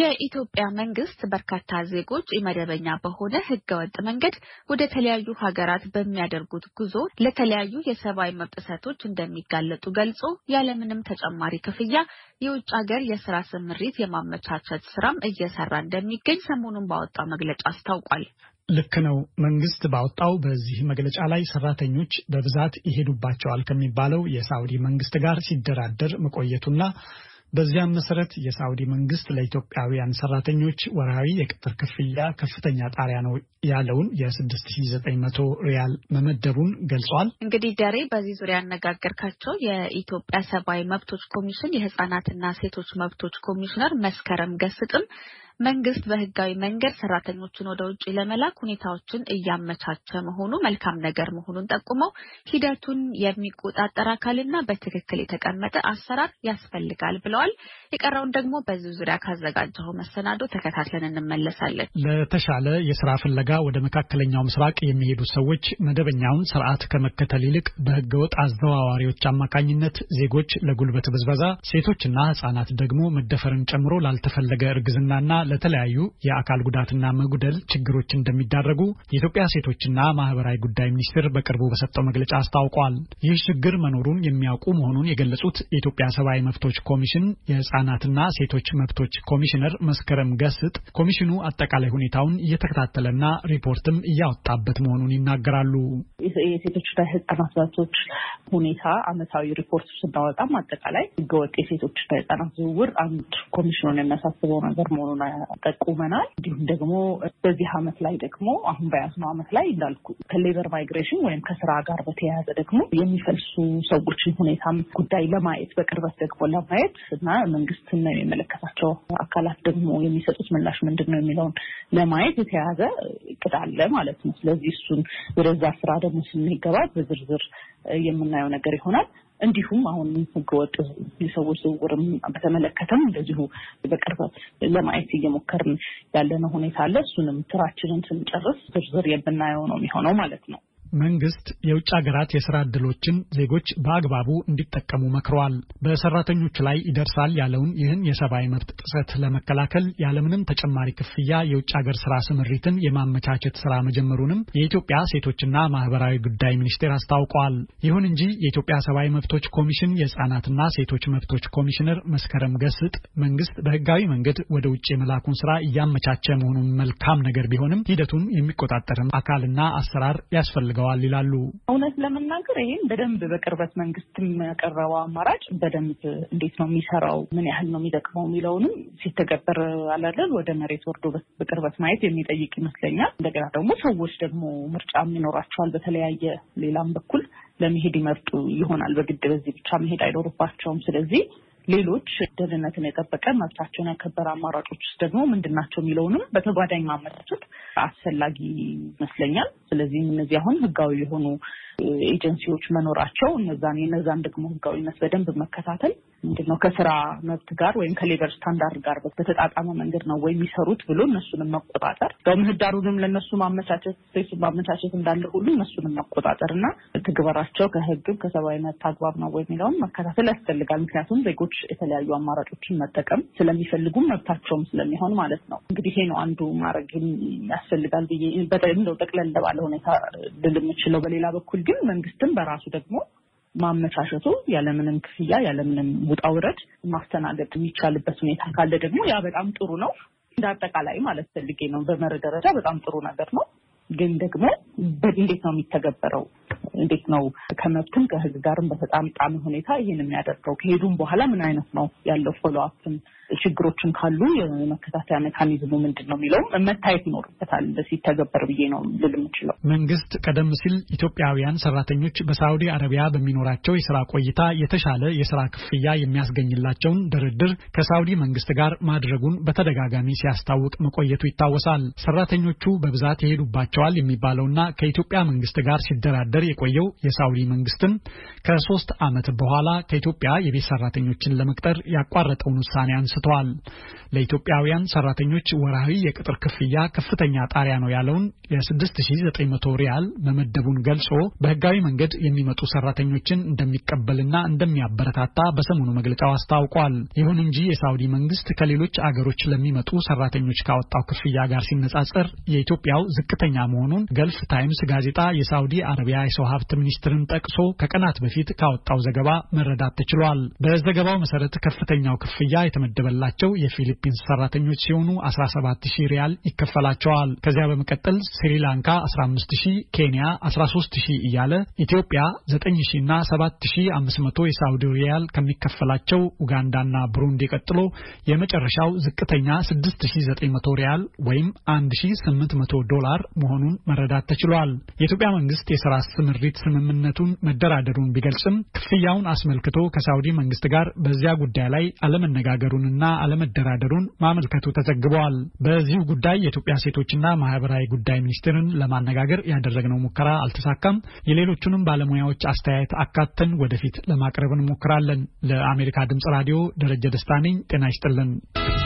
የኢትዮጵያ መንግስት በርካታ ዜጎች ኢመደበኛ በሆነ ህገወጥ መንገድ ወደ ተለያዩ ሀገራት በሚያደርጉት ጉዞ ለተለያዩ የሰብአዊ መብት ጥሰቶች እንደሚጋለጡ ገልጾ ያለምንም ተጨማሪ ክፍያ የውጭ ሀገር የስራ ስምሪት የማመቻቸት ስራም እየሰራ እንደሚገኝ ሰሞኑን ባወጣው መግለጫ አስታውቋል። ልክ ነው። መንግስት ባወጣው በዚህ መግለጫ ላይ ሰራተኞች በብዛት ይሄዱባቸዋል ከሚባለው የሳውዲ መንግስት ጋር ሲደራደር መቆየቱና በዚያም መሰረት የሳዑዲ መንግስት ለኢትዮጵያውያን ሰራተኞች ወርሃዊ የቅጥር ክፍያ ከፍተኛ ጣሪያ ነው ያለውን የ6900 ሪያል መመደቡን ገልጿል። እንግዲህ ደሬ በዚህ ዙሪያ ያነጋገርካቸው የኢትዮጵያ ሰብአዊ መብቶች ኮሚሽን የህጻናትና ሴቶች መብቶች ኮሚሽነር መስከረም ገስጥም መንግስት በህጋዊ መንገድ ሰራተኞችን ወደ ውጭ ለመላክ ሁኔታዎችን እያመቻቸ መሆኑ መልካም ነገር መሆኑን ጠቁመው ሂደቱን የሚቆጣጠር አካልና በትክክል የተቀመጠ አሰራር ያስፈልጋል ብለዋል። የቀረውን ደግሞ በዚህ ዙሪያ ካዘጋጀው መሰናዶ ተከታትለን እንመለሳለን። ለተሻለ የስራ ፍለጋ ወደ መካከለኛው ምስራቅ የሚሄዱ ሰዎች መደበኛውን ስርዓት ከመከተል ይልቅ በህገወጥ አዘዋዋሪዎች አማካኝነት ዜጎች ለጉልበት ብዝበዛ፣ ሴቶችና ህጻናት ደግሞ መደፈርን ጨምሮ ላልተፈለገ እርግዝናና ለተለያዩ የአካል ጉዳትና መጉደል ችግሮች እንደሚዳረጉ የኢትዮጵያ ሴቶችና ማህበራዊ ጉዳይ ሚኒስቴር በቅርቡ በሰጠው መግለጫ አስታውቋል። ይህ ችግር መኖሩን የሚያውቁ መሆኑን የገለጹት የኢትዮጵያ ሰብአዊ መብቶች ኮሚሽን የህጻናትና ሴቶች መብቶች ኮሚሽነር መስከረም ገስጥ ኮሚሽኑ አጠቃላይ ሁኔታውን እየተከታተለና ሪፖርትም እያወጣበት መሆኑን ይናገራሉ። የሴቶችና ህጻናት መብቶች ሁኔታ አመታዊ ሪፖርት ስናወጣም አጠቃላይ ህገወጥ የሴቶችና ህጻናት ዝውውር አንድ ኮሚሽኑን የሚያሳስበው ነገር መሆኑን ጠቁመናል። እንዲሁም ደግሞ በዚህ አመት ላይ ደግሞ አሁን በያዝነው አመት ላይ እንዳልኩ ከሌበር ማይግሬሽን ወይም ከስራ ጋር በተያያዘ ደግሞ የሚፈልሱ ሰዎችን ሁኔታም ጉዳይ ለማየት በቅርበት ደግሞ ለማየት እና ነው የሚመለከታቸው አካላት ደግሞ የሚሰጡት ምላሽ ምንድን ነው የሚለውን ለማየት የተያያዘ እቅድ አለ ማለት ነው። ስለዚህ እሱን ወደዛ ስራ ደግሞ ስንገባ በዝርዝር የምናየው ነገር ይሆናል። እንዲሁም አሁን ህገወጥ የሰዎች ዝውውርም በተመለከተም እንደዚሁ በቅርብ ለማየት እየሞከርን ያለነው ሁኔታ አለ። እሱንም ስራችንን ስንጨርስ ዝርዝር የምናየው ነው የሚሆነው ማለት ነው። መንግስት የውጭ ሀገራት የስራ ዕድሎችን ዜጎች በአግባቡ እንዲጠቀሙ መክረዋል። በሰራተኞች ላይ ይደርሳል ያለውን ይህን የሰብአዊ መብት ጥሰት ለመከላከል ያለምንም ተጨማሪ ክፍያ የውጭ ሀገር ስራ ስምሪትን የማመቻቸት ስራ መጀመሩንም የኢትዮጵያ ሴቶችና ማህበራዊ ጉዳይ ሚኒስቴር አስታውቀዋል። ይሁን እንጂ የኢትዮጵያ ሰብአዊ መብቶች ኮሚሽን የህጻናትና ሴቶች መብቶች ኮሚሽነር መስከረም ገስጥ መንግስት በህጋዊ መንገድ ወደ ውጭ የመላኩን ስራ እያመቻቸ መሆኑን መልካም ነገር ቢሆንም ሂደቱን የሚቆጣጠርም አካልና አሰራር ያስፈልጋል አድርገዋል ይላሉ። እውነት ለመናገር ይህን በደንብ በቅርበት መንግስት የሚያቀረበው አማራጭ በደንብ እንዴት ነው የሚሰራው፣ ምን ያህል ነው የሚጠቅመው የሚለውንም ሲተገበር አላለን ወደ መሬት ወርዶ በቅርበት ማየት የሚጠይቅ ይመስለኛል። እንደገና ደግሞ ሰዎች ደግሞ ምርጫም ይኖራቸዋል። በተለያየ ሌላም በኩል ለመሄድ ይመርጡ ይሆናል። በግድ በዚህ ብቻ መሄድ አይኖርባቸውም። ስለዚህ ሌሎች ደህንነትን የጠበቀ መብታቸውን ያከበረ አማራጮች ውስጥ ደግሞ ምንድን ናቸው የሚለውንም በተጓዳኝ ማመቻቸት አስፈላጊ ይመስለኛል። ስለዚህ እነዚህ አሁን ህጋዊ የሆኑ ኤጀንሲዎች መኖራቸው እነዛን የነዛን ደግሞ ህጋዊነት በደንብ መከታተል ምንድን ነው ከስራ መብት ጋር ወይም ከሌበር ስታንዳርድ ጋር በተጣጣመ መንገድ ነው ወይ የሚሰሩት ብሎ እነሱንም መቆጣጠር በምህዳሩንም ለእነሱ ማመቻቸት ስፔስ ማመቻቸት እንዳለ ሁሉ እነሱንም መቆጣጠር እና ትግበራቸው ከህግም ከሰብአዊ መብት አግባብ ነው ወይ የሚለውን መከታተል ያስፈልጋል። ምክንያቱም ዜጎች የተለያዩ አማራጮችን መጠቀም ስለሚፈልጉም መብታቸውም ስለሚሆን ማለት ነው። እንግዲህ ይሄ ነው አንዱ ማድረግ ያስፈልጋል ብዬ በጠቅለል ባለ ሁኔታ ልል የምችለው በሌላ በኩል ግን መንግስትም በራሱ ደግሞ ማመቻቸቱ ያለምንም ክፍያ ያለምንም ውጣ ውረድ ማስተናገድ የሚቻልበት ሁኔታ ካለ ደግሞ ያ በጣም ጥሩ ነው። እንደ አጠቃላይ ማለት ፈልጌ ነው። በመርህ ደረጃ በጣም ጥሩ ነገር ነው። ግን ደግሞ እንዴት ነው የሚተገበረው? እንዴት ነው ከመብትም ከህግ ጋርም በተጣምጣሚ ሁኔታ ይህን የሚያደርገው? ከሄዱም በኋላ ምን አይነት ነው ያለው ፎሎ አፕም ችግሮችን ካሉ የመከታተያ ሜካኒዝሙ ምንድን ነው የሚለውም መታየት ይኖርበታል ሲተገበር ብዬ ነው ልል የምችለው። መንግስት ቀደም ሲል ኢትዮጵያውያን ሰራተኞች በሳዑዲ አረቢያ በሚኖራቸው የስራ ቆይታ የተሻለ የስራ ክፍያ የሚያስገኝላቸውን ድርድር ከሳዑዲ መንግስት ጋር ማድረጉን በተደጋጋሚ ሲያስታውቅ መቆየቱ ይታወሳል። ሰራተኞቹ በብዛት ይሄዱባቸዋል የሚባለውና ከኢትዮጵያ መንግስት ጋር ሲደራደር የቆ የቆየው የሳውዲ መንግስትም ከሶስት ዓመት በኋላ ከኢትዮጵያ የቤት ሰራተኞችን ለመቅጠር ያቋረጠውን ውሳኔ አንስተዋል። ለኢትዮጵያውያን ሰራተኞች ወርሃዊ የቅጥር ክፍያ ከፍተኛ ጣሪያ ነው ያለውን የ6900 ሪያል መመደቡን ገልጾ በህጋዊ መንገድ የሚመጡ ሰራተኞችን እንደሚቀበልና እንደሚያበረታታ በሰሞኑ መግለጫው አስታውቋል። ይሁን እንጂ የሳውዲ መንግስት ከሌሎች አገሮች ለሚመጡ ሰራተኞች ካወጣው ክፍያ ጋር ሲነጻጸር የኢትዮጵያው ዝቅተኛ መሆኑን ገልፍ ታይምስ ጋዜጣ የሳውዲ አረቢያ የሰው ሀብት ሚኒስትርን ጠቅሶ ከቀናት በፊት ካወጣው ዘገባ መረዳት ተችሏል። በዘገባው መሰረት ከፍተኛው ክፍያ የተመደበላቸው የፊሊፒንስ ሰራተኞች ሲሆኑ 17 ሺህ ሪያል ይከፈላቸዋል። ከዚያ በመቀጠል ስሪላንካ 15 ሺህ፣ ኬንያ 13 ሺህ እያለ ኢትዮጵያ 9 ሺህ እና 7 ሺህ 500 የሳውዲ ሪያል ከሚከፈላቸው ኡጋንዳና ብሩንዲ ቀጥሎ የመጨረሻው ዝቅተኛ 6900 ሪያል ወይም 1800 ዶላር መሆኑን መረዳት ተችሏል። የኢትዮጵያ መንግስት የስራ ስምር ምክር ስምምነቱን መደራደሩን ቢገልጽም ክፍያውን አስመልክቶ ከሳውዲ መንግስት ጋር በዚያ ጉዳይ ላይ አለመነጋገሩንና አለመደራደሩን ማመልከቱ ተዘግበዋል። በዚሁ ጉዳይ የኢትዮጵያ ሴቶችና ማህበራዊ ጉዳይ ሚኒስቴርን ለማነጋገር ያደረግነው ሙከራ አልተሳካም። የሌሎቹንም ባለሙያዎች አስተያየት አካተን ወደፊት ለማቅረብ እንሞክራለን። ለአሜሪካ ድምጽ ራዲዮ ደረጀ ደስታ ነኝ። ጤና ይስጥልን።